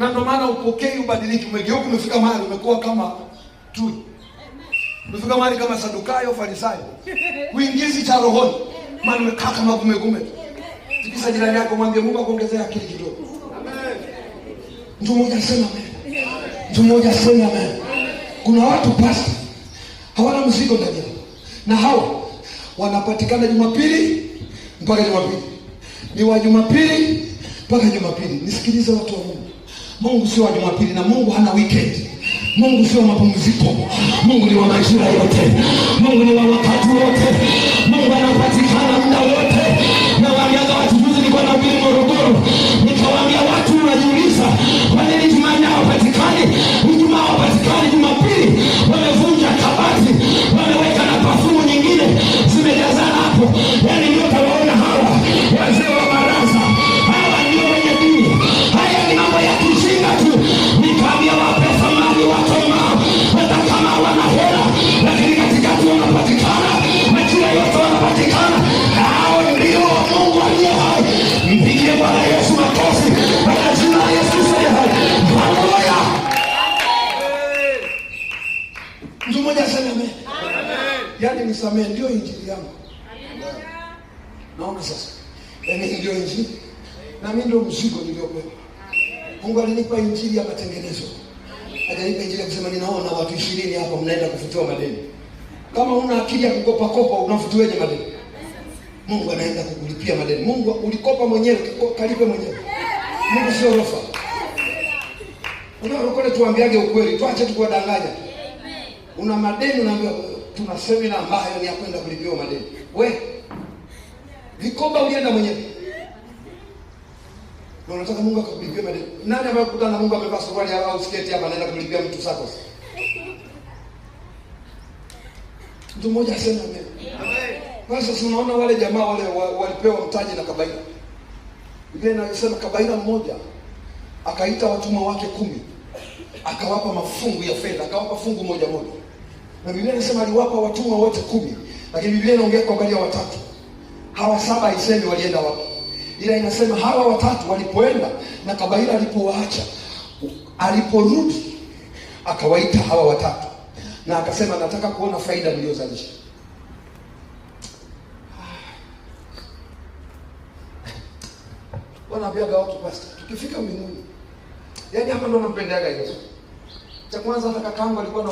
na ndio maana upokee ubadiliki. Umegeuka, umefika mahali umekuwa kama tu, umefika mahali kama Sadukayo, Farisayo, uingizi cha rohoni, maana umekaa kama gumegume. Tikisa jirani yako, mwambie Mungu akuongezea akili kidogo. Mtu mmoja sema amen, mtu mmoja sema amen. Kuna watu pasta hawana mzigo ndani yao, na hawa wanapatikana Jumapili mpaka Jumapili, ni wa Jumapili mpaka Jumapili. Nisikilize watu wa Mungu. Mungu sio wa Jumapili na Mungu hana weekend. Mungu sio mapumziko. Mungu ni wa majira yote. Mungu ni wa wakati wote. Mungu anapatikana muda wote. Na waambiaga watu, juzi nilikuwa na ubiri Morogoro, nikawaambia watu, unajiuliza Mtu mmoja aseme amen. Yaani nisamee ndio injili yangu. Naona sasa. Yaani ndio injili. Na mimi ndio mzigo niliopewa. Mungu alinipa injili ya matengenezo. Akanipa injili ya kusema ninaona watu 20 hapa mnaenda kufutua madeni. Kama una akili ya kukopa kopa unafutueje madeni? Mungu anaenda kukulipia madeni. Mungu ulikopa mwenyewe, kalipe mwenyewe. Mungu sio rofa. Unaona, tuambiage ukweli, tuache tukuwadanganya una madeni, unaambiwa tuna semina ambayo ni ya kwenda kulipiwa madeni. We vikoba ulienda mwenyewe, unataka Mungu akakulipia madeni? Nani ambaye kukutana na Mungu amevaa suruali au sketi hapa anaenda kulipia mtu sako Mtu mmoja asema amen. Sasa tunaona wale jamaa wale walipewa mtaji na kabaila. Biblia inasema kabaila mmoja akaita watumwa wake kumi akawapa mafungu ya fedha, akawapa fungu moja moja na Biblia inasema aliwapa watumwa wote kumi, lakini Biblia inaongea kuangalia watatu. Hawa saba isemi walienda wapi, ila inasema hawa watatu walipoenda na kabaila alipowaacha, aliporudi akawaita hawa watatu na akasema, nataka kuona faida mliozalisha. Wanaambiaga watu basi, tukifika mbinguni, yaani hapa ndo nampendeaga Yesu. Cha kwanza hata kakangu alikuwa